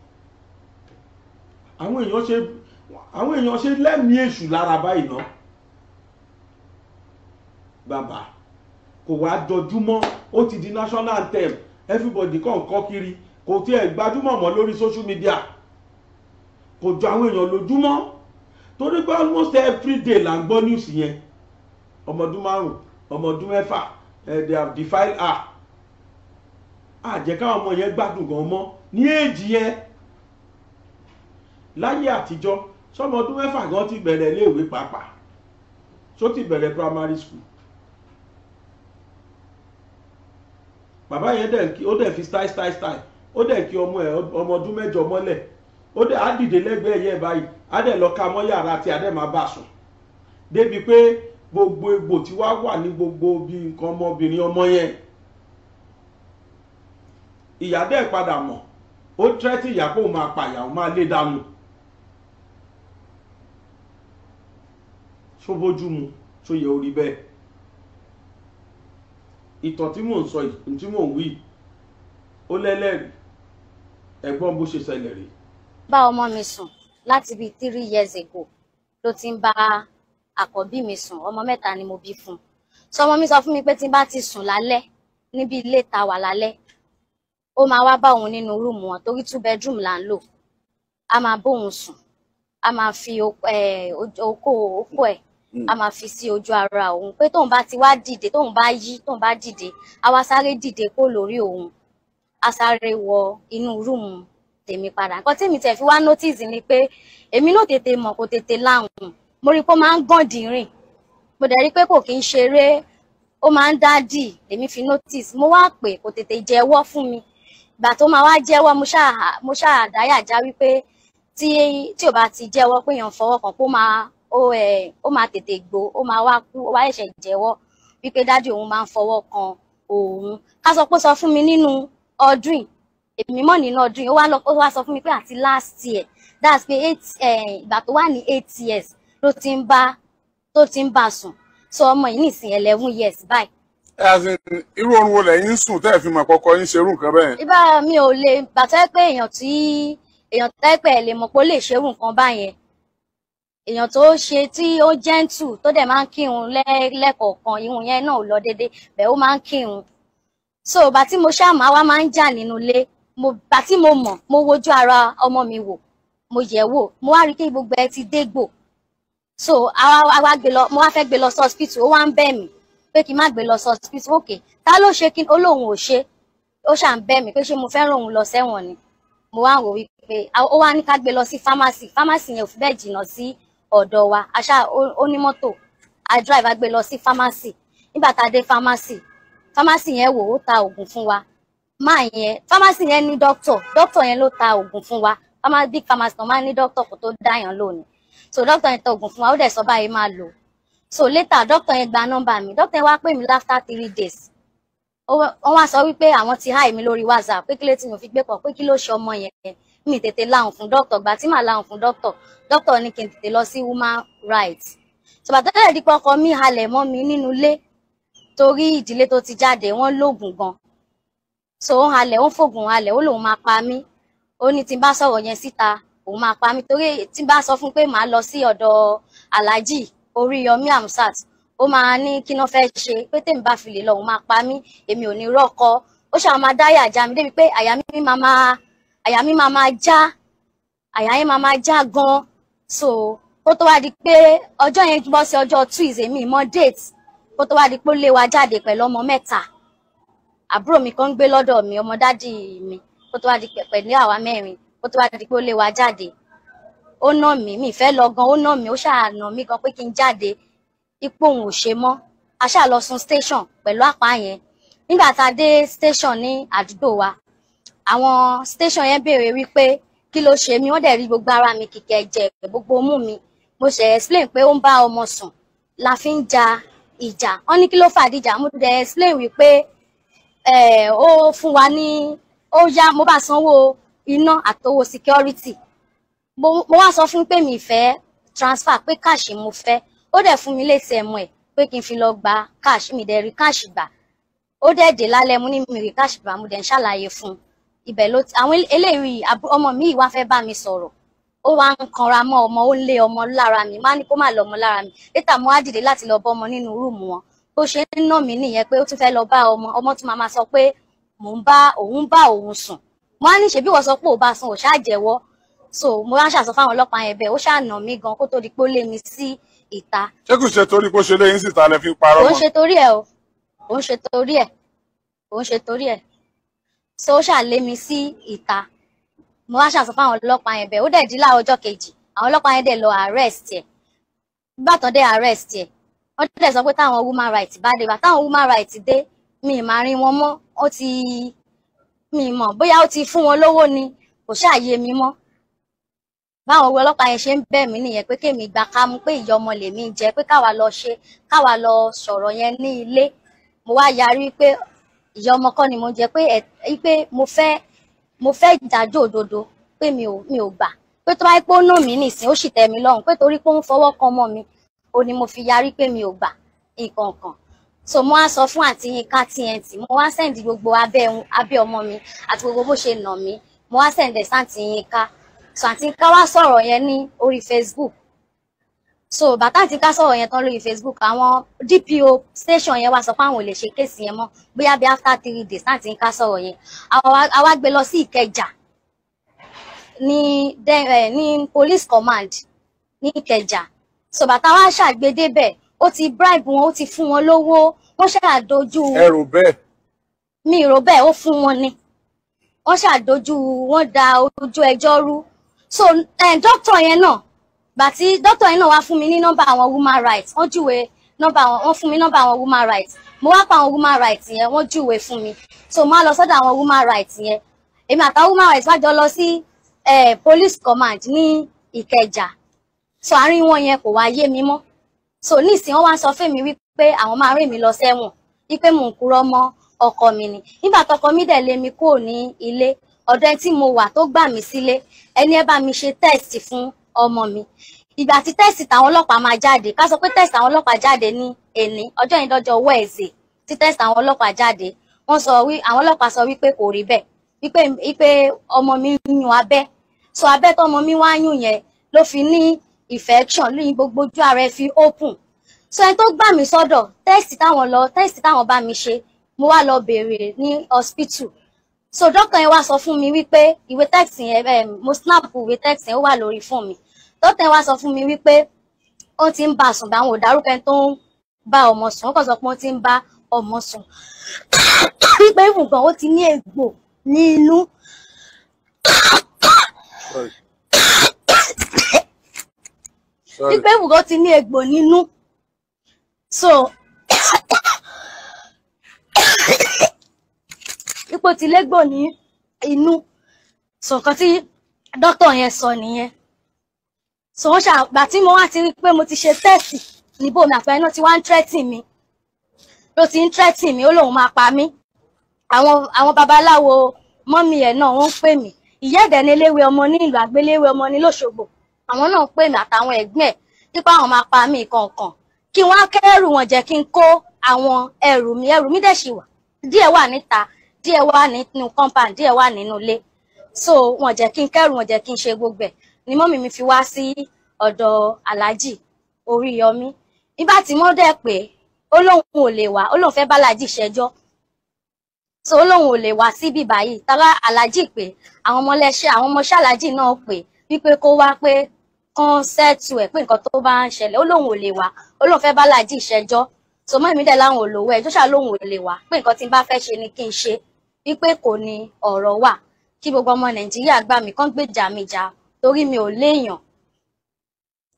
àwọn èèyàn ṣe lẹ́mìí èṣù lára báyìí náà bàbá kò wá jọjúmọ́ ó ti di national anthem everybody kàn kọ́ kiri kò tiẹ̀ gbajúmọ̀ mọ́ lórí social media kò jọ àwọn èèyàn lójúmọ́ torí pé almost every day là ń gbọ́ news yẹn ọmọ ọdún márùn ọmọ ọdún mẹ́fà they have defiled her àjẹká ọmọ yẹn gbádùn gan mọ́ ní èjì yẹn láyé àtijọ́ sọmọ ọdún mẹ́fà gan ti bẹ̀rẹ̀ iléèwé pàápàá tó ti bẹ̀rẹ̀ primary school bàbá yẹn ó dẹ̀ fi style style style ó dẹ̀ kí ọmọ ẹ̀ ọmọ ọdún mẹ́jọ mọ́lẹ̀ ó dẹ̀ á dìde lẹ́gbẹ̀ẹ́ yẹ̀ báyìí a dẹ̀ lọ mọ́ yàrá tí a máa bá sùn débi pé gbogbo egbò tí wàá wà ní gbogbo bí nǹkan ọmọbìnrin ọmọ yẹn ìyá dẹ̀ padà mọ̀ ó tẹ́tí ìyá kó máa pa ìyàwó máa lé dànù tó mu tó yẹ orí bẹ́ẹ̀ ìtàn tí mò ń ẹ̀gbọ́n bó ṣe ṣẹlẹ̀ rí. bá ọmọ mi sùn láti bíi three years ago ló ti ń bá àkọ́bí mi sùn ọmọ mẹ́ta ni mo bí fún un sọmọ mi sọ fún mi pé tí n bá ti sùn lálẹ́ níbi ilé ta wà lálẹ́ ó máa wá bá òun nínú rúùmù wọn torí two bedroom là ń lò a máa bóun sùn a máa fi okó okó ẹ̀ hmm. a máa fi sí ojú ara òun pé tóun bá ti wá dìde tóun bá yí tóun bá dìde a wá sáré dìde kó lórí òun a sáré wọ inú rúùmù tèmi padà nǹkan tèmi tẹ̀ fi wá notice ni pé èmi náà tètè mọ̀ kò tètè láwùn mo rí i pé ó máa ń gàn dìrìn mo dẹ̀ rí i pé kò kí ń ṣeré ó máa ń dádì èmi fi notice mo wá pè kò tètè jẹ́wọ́ fún mi ìgbà tó máa wá jẹ́wọ́ mo ṣáà dáyàjá wípé tí ò bá ti jẹ́wọ́ pé èèyàn fọwọ́ kan kó máa ó ẹ̀ ó máa tètè gbó ó máa wá kú ó wá ẹ̀ṣẹ̀ jẹ́wọ́ wípé dádì òun máa ń fọwọ́ kan òun ká sọ pé sọ fún mi nínú ọdún èmi mọ̀ nínú ọdún ó wá sọ fún mi pé àti last year that's pé eh, ìgbà tó wà ní eight years ló ti ń bá tó ti ń bá sùn so ọmọ yìí nìsín eleven years báyìí. irú oorun wo lẹ́yìn ń sùn tẹ́ ẹ̀ fi mọ̀ kọ́kọ́ ń ṣerú nǹkan bẹ́ẹ̀. ibà mi ò lè bàtọ́ pé èèyàn tí èèyàn tẹ́ pẹ̀ lè mọ̀ pé ó lè ṣerú nǹkan báyẹn èèyàn tó ṣe tí ó gentle tó dẹ̀ máa ń kírun lẹ́ẹ̀kọ̀ọ̀kan ìhun yẹn náà lọ déédéé bẹ́ẹ̀ ó máa ń kírun so ìgbà tí mo ṣáà wa wá máa ń jà mo ìgbà tí mo mọ̀ mo wojú ara ọmọ mi wò mo yẹ̀ wò mo wá rí pé gbogbo ẹ ti dégbò so awa gbé lọ mo wá fẹ́ gbé lọ sí hospital ó wá ń bẹ̀ mí pé kí n má gbé lọ sí hospital òkè ta ló ṣe kí ó lóun ò ṣe ó ṣà ń bẹ̀ mí mo fẹ́ràn òun lọ sẹ́wọ̀n ni mo wá wò wípé ó wá ní ká gbé lọ sí pharmacy pharmacy yẹn ò fi bẹ́ẹ̀ jìnnà sí ọ̀dọ̀ wa àṣà onímọ́tò a drive a gbé lọ sí pharmacy nígbà tá a pharmacy pharmacy yẹn wò ó ta oògùn fún wa máa yẹn pharmacy yẹn ní doctor doctor yẹn ló ta oògùn fún wa big pharmacy náà máa ní doctor kó tó dáyàn lónìí so doctor yẹn ta oògùn fún wa ó dẹ̀ sọ báyìí máa lò so later doctor yẹn gba nọ́mbà mi doctor yẹn wá pè mí after three days wọ́n wá sọ wípé àwọn ti háì mi lórí whatsapp pé kí lè tí mo fi gbé pọ̀ pé kí ló ṣe ọmọ yẹn mi tètè láhùn fún doctor gbà tí màá láhùn fún doctor doctor ní kí n tètè lọ sí woman rights ṣùgbọ́n dípọ̀ ọkọ mi halẹ̀ mọ́ mi nínú ilé torí ìdílé tó ti jáde wọ́n lóògùn gan so ó halẹ̀ ó fògùn halẹ̀ ó lòun máa pa mí ó ní tí n bá sọ̀rọ̀ yẹn síta òun máa pa mí torí tí n bá sọ fún pé màá lọ sí ọ̀dọ̀ aláàjì Oríyọmí Hamzat ó máa ní kí ná fẹ́ ṣe pé tèmi bá fi lè lọ òun máa pa mí èmi ò ní rọ́kọ ó ṣáà máa dáyà já mi débi pé àyà mi máa máa àyà mi máa máa já àyà yẹn máa máa já gan so ó tó wá di pé ọjọ́ yẹn bọ́ sí ọjọ́ Tuesday mi mọ́ date kó tó wá di pé ó lé wa jáde pẹ̀lú ọmọ mẹ́ta àbúrò mi kan ń gbé lọ́dọ̀ mi ọmọ dádì mi kó tó wá di pẹ̀lú àwa mẹ́rin kó tó wá di pé ó lé wa jáde ó nà mí mi fẹ́ lọ gan ó nà mí ó ṣáà nà mí gan pé kí n jáde ipò òun ò ṣe mọ́ a ṣáà lọ sun station pẹ̀lú àpá yẹn nígbà tá a dé station ní àdúgbò wa àwọn station yẹn béèrè wípé kí ló ṣe mí wọ́n dẹ̀ rí gbogbo ara mi kìkì ẹ̀jẹ̀ gbogbo mú mi mo ṣe explain pé ó ń bá ọmọ sùn la fi ń ja ìjà wọ́n ní kí ló fàdíjà mo dẹ̀ explain wípé eh, ó fún wa ní ó yá mo bá sanwó iná àtowó security mo wá sọ fún pé mi fẹ́ transfer pé káàṣì mo fẹ́ ó dẹ̀ fún mi létí ẹ̀mọ́ ẹ̀ pé kí n fi lọ gba káàṣì mi dẹ̀ rí káàṣì gbà ó dẹ̀ dé lálẹ́ mo ní mi rí káàṣì gbà mo dẹ̀ ń ṣàlàyé fún un ibẹ̀ ló àwọn eléyìí ọmọ mi wá fẹ́ bá mi sọ̀rọ̀ ó wá ń kanra mọ́ ọmọ ó lé ọmọ lára mi má ní kó má lọ ọmọ lára mi létà mo á dìde láti lọ bọ́ ọmọ nínú rúùmù wọn bó ṣe ń nà mí nìyẹn pé ó tún fẹ́ lọ bá ọmọ ọmọ tún máa sọ pé mò ń bá òun bá òun sùn mo á ní ṣèbí wọ́n sọ pé ò bá sùn ò ṣáà jẹ́wọ́ so mo wá ń ṣàsọ fáwọn ọlọ́pàá yẹn bẹ́ẹ̀ ó ṣáà nà mí gan kó tó di pé ó lé mi sí ìta. ṣé kò ṣe torí kó ṣe léyìn síta lẹ fi parọ́ mọ́. òun ṣe torí ẹ òun ṣe torí ẹ òun ṣe torí ẹ mo wá ṣàṣọ fáwọn ọlọ́pàá yẹn bẹ́ẹ̀ ó dẹ̀ di láàárọ̀ ọjọ́ kejì àwọn ọlọ́pàá yẹn dẹ̀ lọ arrest ẹ̀ nígbà tán dẹ̀ arrest ẹ̀ wọ́n dẹ̀ sọ pé táwọn woman rights bá dé bá táwọn woman rights dé mi ì máa rí wọn mọ́ ó ti mi ì mọ̀ bóyá ó ti fún wọn lówó ni kò ṣàyè mi mọ́ báwọn owó ọlọ́pàá yẹn ṣe ń bẹ̀ mí nìyẹn pé kémi gba kámú pé ìyọmọ lèmi jẹ pé káwa lọ ṣe káwa lọ sọ̀rọ̀ yẹn ní ilé mo wá yarí pé ìyọmọ kọ́ ni mo jẹ pé mo fẹ́ mo fẹ́ ìdájọ́ òdodo pé mi ò mi ò gbà pé tó bá yẹ pé ó nà mí nìsín ó sì tẹ́ mi lọ́rùn pé torí pé ó ń fọwọ́ kan ọmọ mi ò ní mo fi yarí pé mi ò gbà nǹkan so mo wá sọ fún àǹtí Yínká TNT mo wá sẹ́ǹdì gbogbo abẹ́ abẹ́ ọmọ mi àti gbogbo bó ṣe nà mí mo wá sẹ́ǹdẹ̀ sáǹtì Yínká so àǹtí Yínká wá sọ̀rọ̀ yẹn ní orí Facebook so bàtà àti ká sọ̀rọ̀ yẹn tán lórí facebook àwọn dpo station yẹn wá sọ pé àwọn ò lè ṣe kéèsì yẹn mọ́ bóyá bí after three days láti ń ká sọ̀rọ̀ yẹn àwa gbé lọ sí ìkẹjà ní eh, ní police command ní ìkẹjà so bàtà wa ṣàgbédé bẹ́ẹ̀ ó ti bribe wọn ó ti fún wọn lówó wọ́n ṣàdójú. ẹ bẹ́ẹ̀. mi rò bẹ́ẹ̀ ó fún wọn ni wọ́n ṣàdójú wọ́n da ojú ẹjọ́ rú so eh, dókítà yẹn náà gbàtí dókítà yìí náà wá fún mi ní nọ́mbà àwọn woman rights wọ́n júwe nọ́mbà wọ́n fún mi nọ́mbà àwọn woman rights mo wá pa àwọn woman rights yẹn wọ́n júwe fún mi so mo á lọ sọ́dọ̀ àwọn woman rights yẹn èmi àtàwọn woman rights wájọ lọ sí police command ní Ìkẹjà so àárín wọn yẹn kò wá yé mi mọ́ so nísìnyí wọ́n wá sọ fẹ́mi wípé àwọn máa rìn mí lọ sẹ́wọ̀n wípé mò ń kúrò mọ́ ọkọ mi ni nígbà tọkọ mi dẹ̀ lé mi kúrò ní ilé ọ̀dọ̀ ẹni tí mo wà tó gbà mí sílé ẹni ẹ bá mi ṣe test fún ọmọ mi ìgbà tí tẹ́sì táwọn ọlọ́pàá máa jáde ká sọ pé tẹ́sì táwọn ọlọ́pàá jáde ní èní ọjọ́ yìí dọ́jọ́ wẹ́ẹ̀sì tí tẹ́sì táwọn ọlọ́pàá jáde wọ́n sọ wí àwọn ọlọ́pàá sọ wípé kò rí bẹ́ẹ̀ wípé wípé ọmọ mi ń yún abẹ́ sọ abẹ́ tọmọ mi wá yún yẹn ló fi ní infection lóyìn gbogbo ojú ara ẹ fi open sọ ẹni tó gbà mí sọ́dọ̀ tẹ́sì táwọn lọ tẹ́sì táwọn bá mi ṣe mo wá lọ béèrè ní hospital so dọ́kàn yẹn wá sọ fún mi wípé ìwé text yẹn eh, mo snap ìwé text yẹn ó wà lórí fóònù mi dọ́kàn yẹn wá sọ fún mi wípé ó ti ń bá a sùn báwọn ò dárúkọ ẹni tó ń bá ọmọ sùn ó kàn sọ pé ó ti ń bá ọmọ sùn wípé ìfùgbọ́n ó ti ní egbò ní inú wípé ìfùgbọ́n ó ti ní egbò nínú so pé ó ti légbò ní inú so nǹkan tí dókítà yẹn sọ nìyẹn so wọ́n ṣàgbà tí mo wá ti rí pé mo ti ṣe tẹ́ẹ̀sì níbo mi àpẹẹrẹ náà ti wá ń tírẹ́tì mi ló ti ń tírẹ́tì mi ó lóun máa pa mí àwọn àwọn babaláwo mọ́mì ẹ̀ náà wọ́n ń pè mí ìyá ẹ̀dẹ̀ ní eléwé ọmọ ní ìlú àgbéléwé ọmọ ní lóṣogbo àwọn náà ń pè mí àtàwọn ẹ̀gbọ́n ẹ̀ nípa àwọn máa pa mí kọ̀ọ̀kan kí wọ́n á kẹ́rù wọn jẹ́ kí n kó àwọn ẹrù mi ẹrù mi dẹ̀ ṣì wà díẹ̀ wà níta díẹ̀ wà nínú compound díẹ̀ wà nínú ilé so wọn jẹ́ kí n kẹ́rù wọn jẹ́ kí n ṣe gbogbo ẹ̀ ni mọ́mì mi fi wá sí ọ̀dọ̀ aláàjì Oríyọmí nígbà tí wọ́n dẹ̀ pé ó lóun ò lè wá ó lóun fẹ́ bá aláàjì ṣẹjọ́ so ó lóun ò lè wá síbí báyìí tálá aláàjì pé àwọn ọmọlẹ́ṣẹ́ àwọn ọmọọṣẹ́ aláàjì náà pé wípé kó wá pé kán sẹ́ẹ̀tù ẹ̀ pé nǹkan tó bá ń ṣẹlẹ̀ ó lóun ò lè wá ó lóun fẹ́ bá aláàjì ṣẹjọ́ so mọ́mì mi dẹ̀ láwọn ò lówó ẹjọ́ ṣáà lóun ò lè wá pé nǹkan tí n bá fẹ́ ṣe ni kí n ṣe wípé kò ní ọ̀rọ̀ wà kí gbogbo ọmọ nàìjíríà gbà mí kán gbèjà mi jà torí mi ò léèyàn.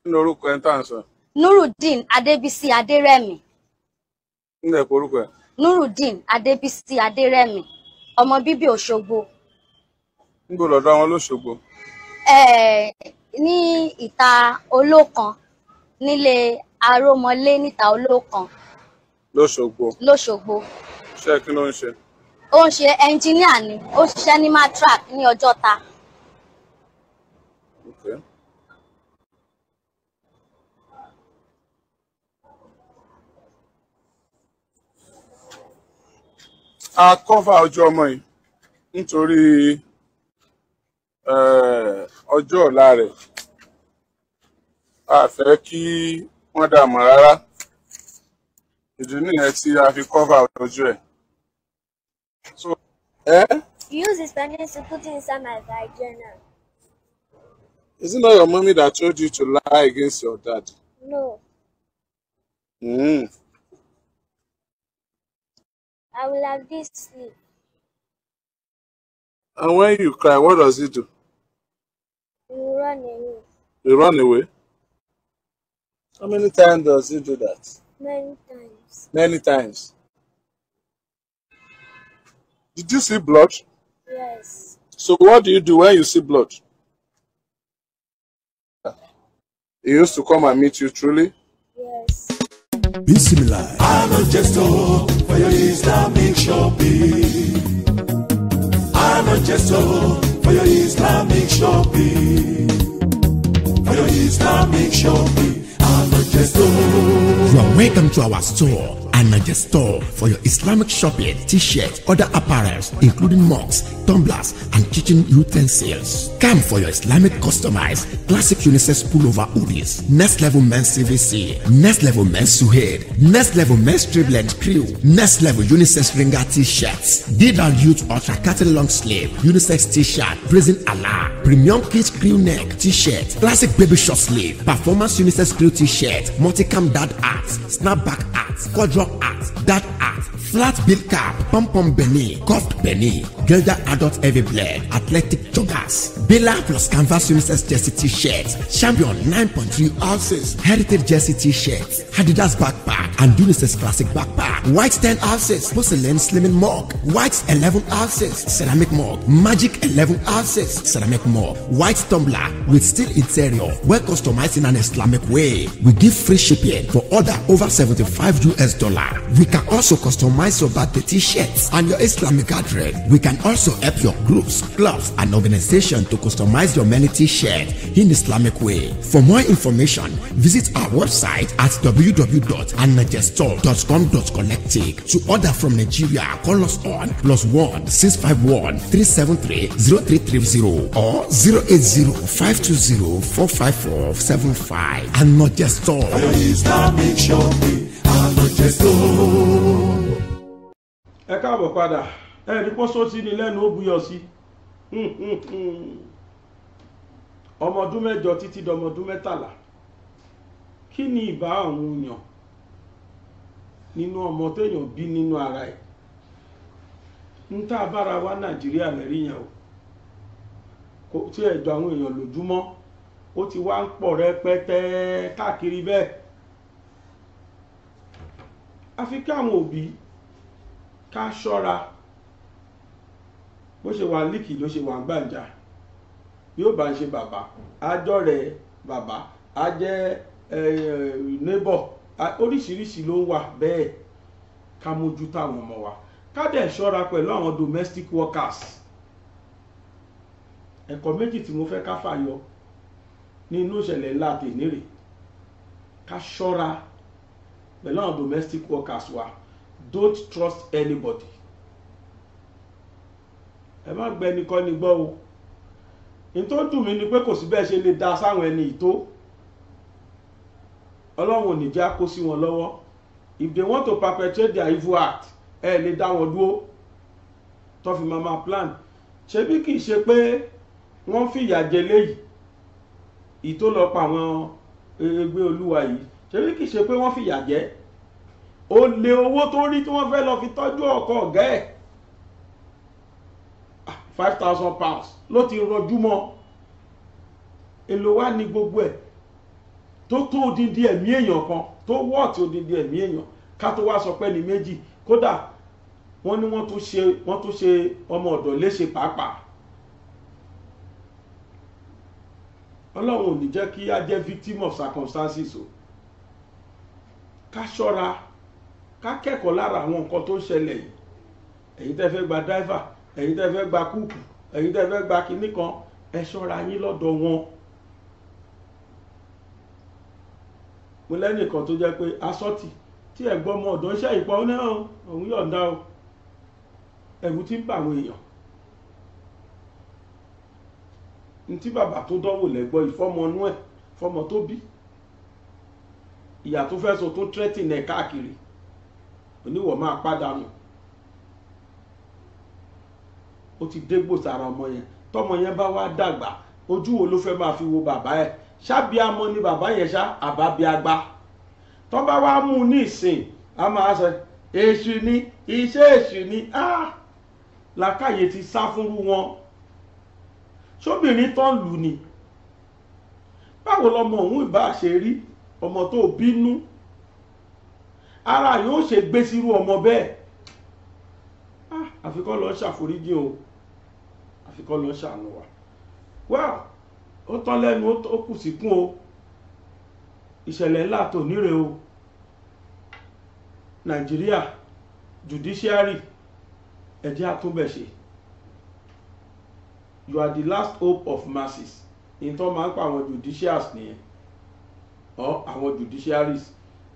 kí ni orúkọ ẹ ń tàn sọ. nurudeen adébísí adérẹ̀mí. nílẹ̀ kó orúkọ ẹ. nurudeen adébísí adérẹ̀mí ọmọ bíbí òṣogbo. níbo lọ́dọ̀ àwọn olóṣogbo. ẹ̀ẹ́ ní ìta olókan nílé arómọlé níta olókan. lóṣogbo. lóṣogbo. ṣé kí ló ń ṣe. ó ń ṣe ẹnjíníà ni ó ṣiṣẹ́ ní matrac ní ọjọ́ta. a kọ́fà ọjọ́ ọmọ yìí nítorí eh, ọjọ́ ọ̀la rẹ̀ a fẹ́ kí wọ́n dààmú rárá ìdí nìyẹn tí a fi kọ́fà ọjọ́ ẹ̀. So, eh? Use his pennies to put inside my vagina. Isn't it your mommy that told you to lie against your dad? No. Mm. I will have this sleep. And when you cry, what does he do? You run away. You run away? How many times does he do that? Many times. Many times. Did you see blood? Yes. So what do you do when you see blood? He used to come and meet you truly? Yes. Be similar. I'm a gestor for your Islamic shopping. I'm a gestor for your Islamic shopping. For your Islamic shopping. I'm a gestor. You are welcome to our store and Niger store for your Islamic shopping, t-shirts, other apparels, including mugs, tumblers, and kitchen utensils. Come for your Islamic customized classic unisex pullover hoodies, next level men's CVC, next level men's suede, next level men's triple and crew, next level unisex ringer t-shirts, digital Youth Ultra Cotton Long Sleeve, unisex t-shirt, Prison Allah, Premium Kids Crew Neck t-shirt, classic baby short sleeve, performance unisex crew t-shirt, multicam dad hats, snapback hats, quadruple Structure Act, That hat, Flat Bill Cap, Pom Pom Benny, Cuffed Benny, Gelda Adult Heavy Blade, Athletic Joggers, Bella plus Canvas Unisex Jersey t shirt Champion 9.3 ounces, Heritage Jersey t shirt Adidas Backpack and Unisex Classic Backpack, White ten ounces, Porcelain Slimming Mug, White eleven ounces, Ceramic Mug, Magic eleven ounces, Ceramic Mug, White Tumbler with steel interior, well customized in an Islamic way. We give free shipping for order over seventy-five US dollars collar. We can also customize your birthday t-shirts and your Islamic address. We can also help your groups, clubs, and organization to customize your many t-shirts in Islamic way. For more information, visit our website at www.anajestore.com.collective. To order from Nigeria, call us on plus one six five one three seven three zero three three zero or zero eight zero five two zero four five four seven five. And not just all. Islamic shopping. ẹ káàbọ̀ padà ẹ ní pọ́ sọ́ọ́ sí ni lẹ́nu ó buyọ̀ sí ọmọ ọdún mẹ́jọ ọmọ teyan bí nínú ara e! nta tá wa bára wá nàìjíríà o kò tí ti rẹpẹtẹ àfi káwọn òbí ká ṣọ́ra bó ṣe wà líkì ló ṣe wà gbàǹjà yóò bá ń ṣe bàbá àjọ rẹ bàbá a jẹ neighbor oríṣiríṣi ló ń wà bẹ́ẹ̀ ká mójútó àwọn ọmọ wa ká dẹ̀ ṣọ́ra pẹ̀lú àwọn domestic workers ẹ̀kọ́ méjì tí mo fẹ́ ká fàyọ nínú ìṣẹ̀lẹ̀ ńlá tèmírè ká ṣọ́ra pẹ̀lú àwọn domestic workers wa don't trust anybody ẹ má gbẹ ẹnikọ́ni gbọ́ o ní tó dùn mí ni pé kò sí bẹ́ẹ̀ ṣe lè da sáwọn ẹni ìtó ọlọ́run ò ní já kó sí wọn lọ́wọ́ if they want to perpetrate their evil act ẹ lè dá wọn dúró tó fi máa máa plan ṣebí kì í ṣe pé wọ́n fìyà jẹ léyìí ìtó lọ pa àwọn ẹgbẹ́ olúwa yìí ṣebí kìí ṣe pé wọ́n fìyà jẹ ó lé owó tó rí tí wọ́n fẹ́ lọ fi tọ́jú ọkọ ọ̀gá ẹ̀ ah, five thousand pounds ló ti rọjú mọ́ èlò wá ní gbogbo ẹ̀ tó tó odindi ẹ̀mí èèyàn kan tó wọ́ọ̀tì odindi ẹ̀mí èèyàn ká tó wá sọ pé ní méjì kódà wọ́n ní wọ́n tún ṣe wọ́n tún ṣe ọmọ ọ̀dọ̀ léṣe pàápàá ọlọ́run ò ní jẹ́ kí a jẹ́ victim of circumstances o. So ká ṣọ́ra ká kẹ́kọ̀ọ́ lára àwọn nǹkan tó ń ṣẹlẹ̀ yìí ẹ̀yin tẹ́ fẹ́ gba dáìfà ẹ̀yin tẹ́ fẹ́ gba kúùkù ẹ̀yin tẹ́ fẹ́ gba kinní kan ẹ ṣọ́ra yín lọ́dọ̀ wọn. mo lẹ́nìkan tó jẹ́ pé asọ́tì tí ẹ̀gbọ́n ọmọ ọ̀dọ́ ń ṣe ìpọ́ náà òun yọ̀ǹda o ẹ̀rù ti ń bà àwọn èèyàn ní tí bàbá tó dánwò lẹ́gbọ́ ìfọ́mọnú ẹ̀ fọ́mọ tó bí ìyà tó fẹ́ so tún tírẹ́tì nẹ káàkiri oníwọ̀ máa pàdánù ó ti dégbò sára ọmọ yẹn tọmọ yẹn bá wá dàgbà ojú wo ló fẹ́ máa fi wo bàbá ẹ̀ ṣábí amọ ni bàbá yẹn ṣá àbábí agbá tó bá wá mú un ní ìsìn a máa sọ èṣù ni iṣẹ́ èṣù ni ah làkàyè ti sá fúnrú wọn sóbìnrin tán lù ní báwo lọmọ òun ìbá ṣe rí ọmọ tó bínú ara yóò ṣe gbé sírú ọmọ bẹ́ẹ̀ ah, àfikọ́ lọ ṣàforíjì o àfikọ́ lọ ṣàánú wa wá ó tán lẹ́nu ó kù síkún o ìṣẹ̀lẹ̀ ńlá tó níre o nàìjíríà judiciary ẹ̀jẹ̀ àtúnbẹ̀ṣe you are the last hope of masses ìtọ́ máa ń pa àwọn judiciaries nìyẹn or àwọn judiciaries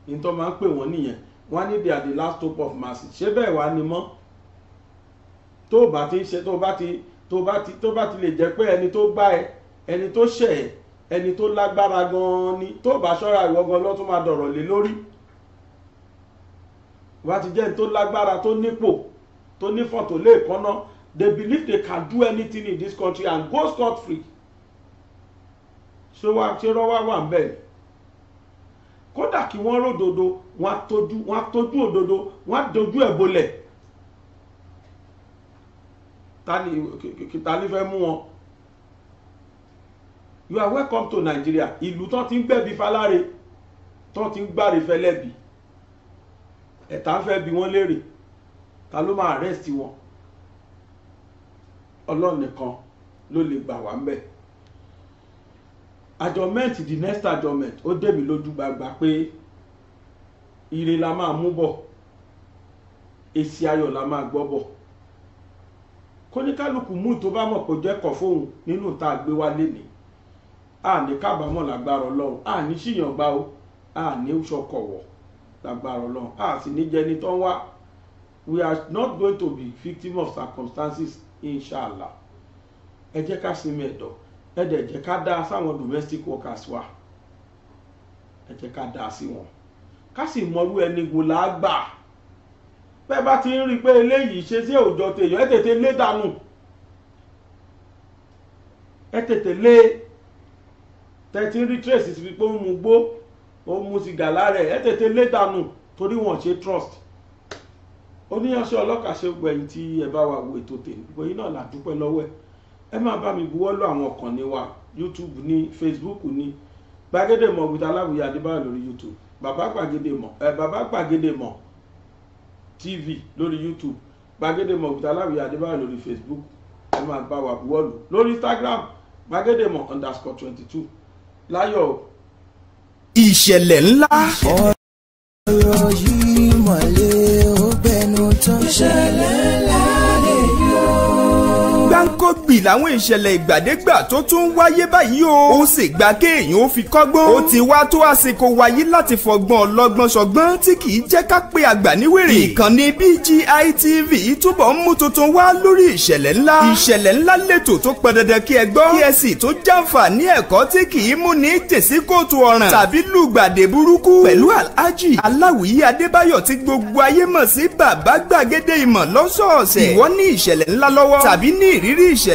ní tó máa ń pè wọ́n nìyẹn wọ́n ní they are the last hope of mercy ṣé bẹ́ẹ̀ wá ni mọ́ tó o bá ti ṣe tó o bá ti tó o bá ti tó o bá ti lè jẹ́ pé ẹni tó gbá ẹ ẹni tó ṣẹ̀ ẹ ẹni tó lágbára gan-an ni tó o bá ṣọ́ra ìwọ gan ló tún máa dọ̀rọ̀ lé lórí wá ti jẹ́ ẹni tó lágbára tó nípò tó nífọ̀n tó lè kọ́ná they believe they can do anything in this country and go scot free ṣé wá ṣé rọ́wá wà ń bẹ́ẹ̀ kódà kí wọ́n ródodo wọ́n tójú wọ́n tójú òdodo wọ́n dojú ẹ̀ bolẹ̀ kìtàlí fẹ́ mú wọn you are welcome to Nigeria ìlú tán ti ń gbẹ̀bí faláre tán ti ń gbàre fẹlẹ́bì ẹ̀ta ń fẹ́ bi wọ́n léèrè ta ló máa arrest wọn ọlọ́run nìkan ló lè gbà wá ń bẹ̀ adjournment the next adjournment ó dé mi lójú gbagba pé ire la máa mú bọ̀ èsì ayọ̀ la máa gbọ́ bọ̀ kóníkálukú mú tó bá mọ̀ pé jẹ́ kọ̀ fóun nínú tá a gbé wá lénìí àní kábàámọ̀ lágbára ọlọ́run àní ṣìyàn gbá o àní ṣọkọ̀wọ̀ lágbára ọlọ́run àti níjẹni tó ń wá we are not going to be victim of circumstances inshallah ẹ jẹ́ ká sinmi ẹ̀dọ̀ ẹ dẹ̀ jẹ́ ká dáa sáwọn domestic workers wa ẹ jẹ́ ká dáa sí wọn ká sì mọrú ẹni wò lágbà bẹ́ẹ̀ bá ti ń rí i pé eléyìí ṣe sí òòjọ́ tèèyàn ẹ tètè lé dànù ẹ tètè lé tẹ̀tí rí trace ti fi pé ó mu gbó ó mu sìgá lára ẹ tètè lé dànù torí wọn ṣe trust oníyanṣẹ́ ọlọ́kàṣe gbẹ̀yìn tí ẹ bá wà wo ètò tèmi gbẹ̀yìn náà là dúpẹ́ lọ́wọ́ ẹ̀ ẹ máa bá mi buwọ́lù àwọn ọkàn ní wa youtube ní facebook ní gbàgede mọ̀ with aláwìyé adébáyọ̀ lórí youtube bàbá gbàgede mọ̀ ẹ bàbá gbàgede mọ̀ tv lórí youtube gbàgede mọ̀ with aláwìyé adébáyọ̀ lórí facebook ẹ máa bá wa buwọ́lù lórí instagram gbàgede mọ̀ underscore twenty two láyọ̀ o ìṣẹ̀lẹ̀ ńlá. gbì làwọn ìṣẹ̀lẹ̀ ìgbàdégbà tó tún ń wáyé báyìí o. ó sì gba kéèyàn ó fi kọ́gbọ́n. ó ti wá tó àsìkò wáyé láti fọgbọ́n ọlọ́gbọ́n ṣọgbọ́n tí kì í jẹ́ ká pé àgbà ìkànnì BGI TV túbọ̀ ń mú tuntun wá lórí ìṣẹ̀lẹ̀ ńlá. ìṣẹ̀lẹ̀ ńlá lètò tó pẹ́ dandan kí ẹ gbọ́. kí ẹ sì tó jàǹfààní ẹ̀kọ́ tí kì í mú ní tèsí kóòtù ọ̀ràn. tàbí lùgbàdé burúkú. pẹ̀lú alhaji aláwìyí adébáyọ̀ tí gbogbo ayé mọ̀ sí bàbá gbàgede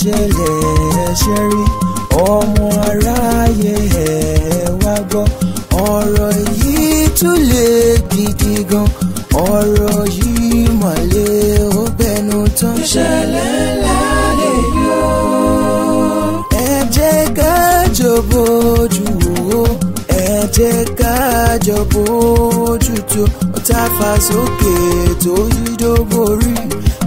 ṣẹlẹ̀ ẹṣẹ́ rí ọmọ aráyé ẹ̀ wá gbọ́ ọ̀rọ̀ yìí tún lè gidi gan ọ̀rọ̀ yìí mà lè ó bẹnu tán. ìṣẹ̀lẹ̀ ńlá lè yọ. ẹ ká jọ̀bọ̀ ojú wo ẹ ká jọ̀bọ̀ ojú tó tá a fà sókè tó yí dó borí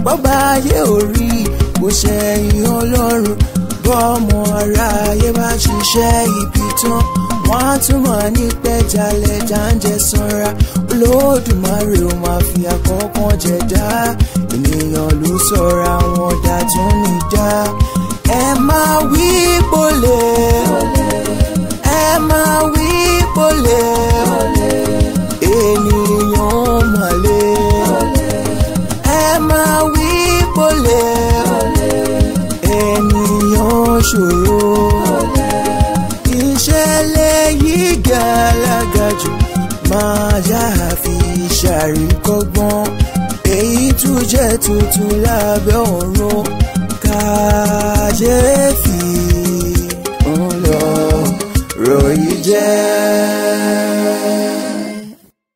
bọ́bá ayé ò rí i kò ṣẹ̀yìn ọlọ́run bọ́ọ̀mù aráyé bá ṣiṣẹ́ ibi tán wọ́n á tún máa ní pẹ́jálẹ̀ jáǹjẹ sanra olódùmarè ó máa fi àkọ́kàn jẹ dá ènìyàn ló sọra wọn dá tún ní dá ẹ máa wí pọ̀lẹ́ ẹ máa wí pọ̀lẹ́. ṣòro ìṣẹ̀lẹ̀ yìí gàlágà jù máa yá àfi ṣàríkọ́gbọ́n èyí tún jẹ́ tuntun lábẹ́ ọ̀run kàyéfì ńlọrọ̀ yìí jẹ́.